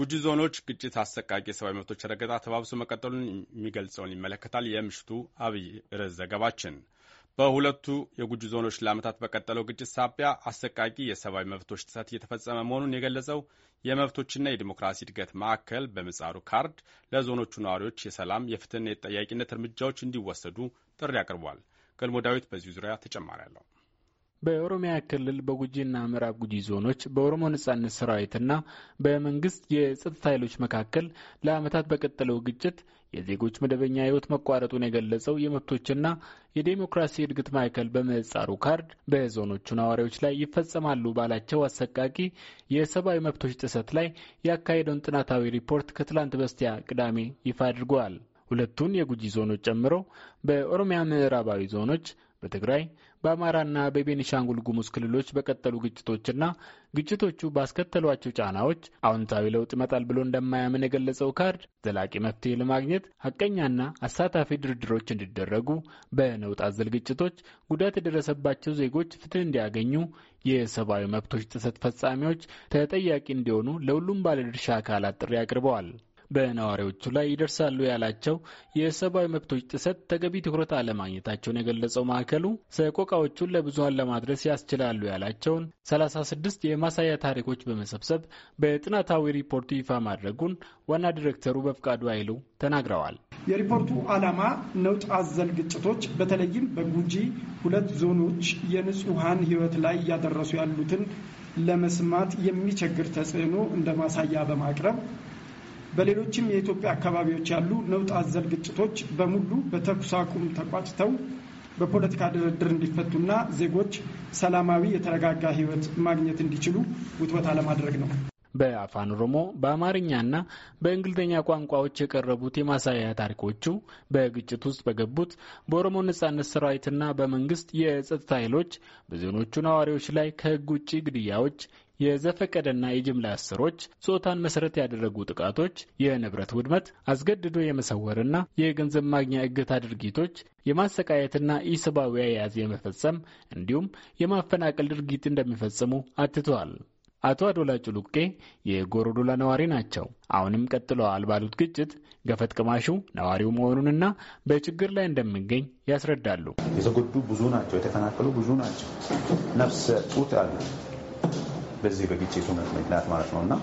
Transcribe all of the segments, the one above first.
ጉጂ ዞኖች ግጭት አሰቃቂ የሰብአዊ መብቶች ረገጣ ተባብሶ መቀጠሉን የሚገልጸውን ይመለከታል የምሽቱ አብይ ርዕስ ዘገባችን። በሁለቱ የጉጂ ዞኖች ለዓመታት በቀጠለው ግጭት ሳቢያ አሰቃቂ የሰብአዊ መብቶች ጥሰት እየተፈጸመ መሆኑን የገለጸው የመብቶችና የዲሞክራሲ እድገት ማዕከል በምጻሩ ካርድ ለዞኖቹ ነዋሪዎች የሰላም የፍትህና የተጠያቂነት እርምጃዎች እንዲወሰዱ ጥሪ አቅርቧል። ገልሞ ዳዊት በዚሁ ዙሪያ ተጨማሪ አለው። በኦሮሚያ ክልል በጉጂና ምዕራብ ጉጂ ዞኖች በኦሮሞ ነጻነት ሰራዊትና በመንግስት የጸጥታ ኃይሎች መካከል ለዓመታት በቀጠለው ግጭት የዜጎች መደበኛ ህይወት መቋረጡን የገለጸው የመብቶችና የዴሞክራሲ እድገት ማዕከል በምህጻሩ ካርድ በዞኖቹ ነዋሪዎች ላይ ይፈጸማሉ ባላቸው አሰቃቂ የሰብአዊ መብቶች ጥሰት ላይ ያካሄደውን ጥናታዊ ሪፖርት ከትላንት በስቲያ ቅዳሜ ይፋ አድርገዋል። ሁለቱን የጉጂ ዞኖች ጨምሮ በኦሮሚያ ምዕራባዊ ዞኖች በትግራይ በአማራና በቤኒሻንጉል ጉሙዝ ክልሎች በቀጠሉ ግጭቶችና ግጭቶቹ ባስከተሏቸው ጫናዎች አዎንታዊ ለውጥ ይመጣል ብሎ እንደማያምን የገለጸው ካርድ ዘላቂ መፍትሄ ለማግኘት ሀቀኛና አሳታፊ ድርድሮች እንዲደረጉ፣ በነውጥ አዘል ግጭቶች ጉዳት የደረሰባቸው ዜጎች ፍትህ እንዲያገኙ፣ የሰብአዊ መብቶች ጥሰት ፈጻሚዎች ተጠያቂ እንዲሆኑ ለሁሉም ባለድርሻ አካላት ጥሪ አቅርበዋል። በነዋሪዎቹ ላይ ይደርሳሉ ያላቸው የሰብአዊ መብቶች ጥሰት ተገቢ ትኩረት አለማግኘታቸውን የገለጸው ማዕከሉ ሰቆቃዎቹን ለብዙሀን ለማድረስ ያስችላሉ ያላቸውን 36 የማሳያ ታሪኮች በመሰብሰብ በጥናታዊ ሪፖርቱ ይፋ ማድረጉን ዋና ዲሬክተሩ በፍቃዱ አይሉ ተናግረዋል። የሪፖርቱ ዓላማ ነውጥ አዘል ግጭቶች በተለይም በጉጂ ሁለት ዞኖች የንጹሐን ሕይወት ላይ እያደረሱ ያሉትን ለመስማት የሚቸግር ተጽዕኖ እንደ ማሳያ በማቅረብ በሌሎችም የኢትዮጵያ አካባቢዎች ያሉ ነውጥ አዘል ግጭቶች በሙሉ በተኩስ አቁም ተቋጭተው በፖለቲካ ድርድር እንዲፈቱና ዜጎች ሰላማዊ የተረጋጋ ህይወት ማግኘት እንዲችሉ ውትወታ ለማድረግ ነው። በአፋን ኦሮሞ በአማርኛና በእንግሊዝኛ ቋንቋዎች የቀረቡት የማሳያ ታሪኮቹ በግጭት ውስጥ በገቡት በኦሮሞ ነጻነት ሰራዊትና በመንግስት የጸጥታ ኃይሎች በዞኖቹ ነዋሪዎች ላይ ከህግ ውጭ ግድያዎች፣ የዘፈቀደና የጅምላ እስሮች፣ ጾታን መሰረት ያደረጉ ጥቃቶች፣ የንብረት ውድመት፣ አስገድዶ የመሰወርና የገንዘብ ማግኛ እገታ ድርጊቶች፣ የማሰቃየትና ኢሰብአዊ አያያዝ የመፈጸም እንዲሁም የማፈናቀል ድርጊት እንደሚፈጽሙ አትተዋል። አቶ አዶላጩ ሉቄ የጎሮዶላ ነዋሪ ናቸው። አሁንም ቀጥለዋል ባሉት ግጭት ገፈት ቅማሹ ነዋሪው መሆኑንና በችግር ላይ እንደሚገኝ ያስረዳሉ። የተጎዱ ብዙ ናቸው፣ የተፈናቀሉ ብዙ ናቸው። ነፍሰ ጡት አሉ በዚህ በግጭቱ ምክንያት ማለት ነው እና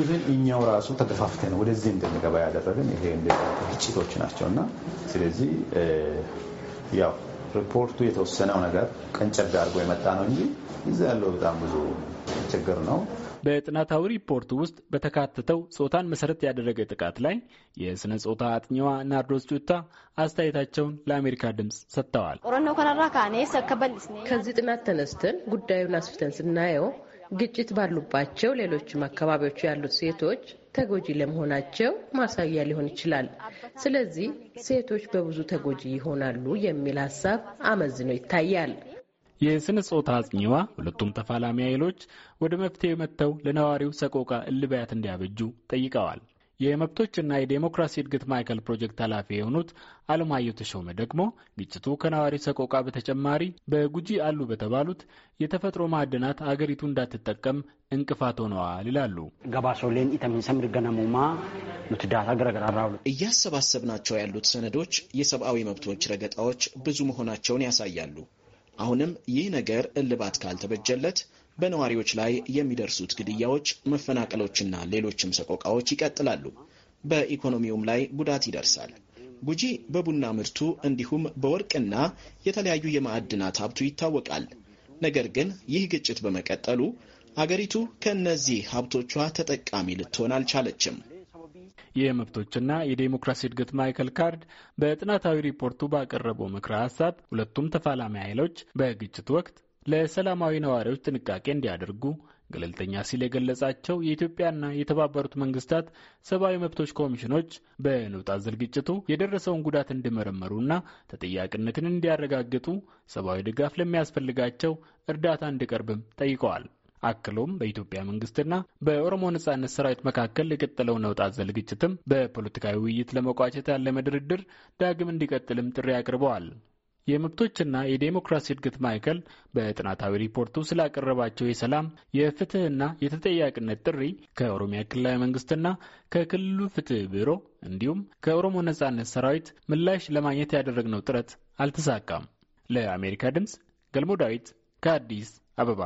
ኢቨን እኛው ራሱ ተገፋፍተን ወደዚህ እንድንገባ ያደረግን ይሄ ግጭቶች ናቸው እና ስለዚህ ያው ሪፖርቱ የተወሰነው ነገር ቀንጨብ አድርጎ የመጣ ነው እንጂ ይዛ ያለው በጣም ብዙ ችግር ነው። በጥናታዊ ሪፖርት ውስጥ በተካተተው ጾታን መሰረት ያደረገ ጥቃት ላይ የስነ ጾታ አጥኚዋ ናርዶስ ጩታ አስተያየታቸውን ለአሜሪካ ድምፅ ሰጥተዋል። ከዚህ ጥናት ተነስተን ጉዳዩን አስፍተን ስናየው ግጭት ባሉባቸው ሌሎችም አካባቢዎች ያሉት ሴቶች ተጎጂ ለመሆናቸው ማሳያ ሊሆን ይችላል። ስለዚህ ሴቶች በብዙ ተጎጂ ይሆናሉ የሚል ሀሳብ አመዝኖ ይታያል። የስነ ጾታ አጽኚዋ ሁለቱም ተፋላሚ ኃይሎች ወደ መፍትሄ መጥተው ለነዋሪው ሰቆቃ እልባያት እንዲያበጁ ጠይቀዋል። የመብቶችና የዴሞክራሲ እድገት ማዕከል ፕሮጀክት ኃላፊ የሆኑት አለማየሁ ተሾመ ደግሞ ግጭቱ ከነዋሪ ሰቆቃ በተጨማሪ በጉጂ አሉ በተባሉት የተፈጥሮ ማዕድናት አገሪቱ እንዳትጠቀም እንቅፋት ሆነዋል ይላሉ። ገባሶሌን ኢተሚንሰም ገነሙማ ምትዳት ገረገራራ እያሰባሰብናቸው ያሉት ሰነዶች የሰብአዊ መብቶች ረገጣዎች ብዙ መሆናቸውን ያሳያሉ። አሁንም ይህ ነገር እልባት ካልተበጀለት በነዋሪዎች ላይ የሚደርሱት ግድያዎች፣ መፈናቀሎችና ሌሎችም ሰቆቃዎች ይቀጥላሉ። በኢኮኖሚውም ላይ ጉዳት ይደርሳል። ጉጂ በቡና ምርቱ እንዲሁም በወርቅና የተለያዩ የማዕድናት ሀብቱ ይታወቃል። ነገር ግን ይህ ግጭት በመቀጠሉ አገሪቱ ከእነዚህ ሀብቶቿ ተጠቃሚ ልትሆን አልቻለችም። የመብቶችና የዴሞክራሲ እድገት ማዕከል ካርድ በጥናታዊ ሪፖርቱ ባቀረበው ምክረ ሀሳብ ሁለቱም ተፋላሚ ኃይሎች በግጭት ወቅት ለሰላማዊ ነዋሪዎች ጥንቃቄ እንዲያደርጉ ገለልተኛ ሲል የገለጻቸው የኢትዮጵያና የተባበሩት መንግስታት ሰብአዊ መብቶች ኮሚሽኖች በንውጥ አዘል ግጭቱ የደረሰውን ጉዳት እንዲመረመሩና ተጠያቂነትን እንዲያረጋግጡ ሰብአዊ ድጋፍ ለሚያስፈልጋቸው እርዳታ እንዲቀርብም ጠይቀዋል። አክሎም በኢትዮጵያ መንግስትና በኦሮሞ ነጻነት ሰራዊት መካከል የቀጠለው ነውጥ አዘል ግጭትም በፖለቲካዊ ውይይት ለመቋጨት ያለመ ድርድር ዳግም እንዲቀጥልም ጥሪ አቅርበዋል። የመብቶችና የዴሞክራሲ እድገት ማዕከል በጥናታዊ ሪፖርቱ ስላቀረባቸው የሰላም የፍትህና የተጠያቂነት ጥሪ ከኦሮሚያ ክልላዊ መንግስትና ከክልሉ ፍትህ ቢሮ እንዲሁም ከኦሮሞ ነጻነት ሰራዊት ምላሽ ለማግኘት ያደረግነው ጥረት አልተሳካም። ለአሜሪካ ድምፅ ገልሞ ዳዊት ከአዲስ አበባ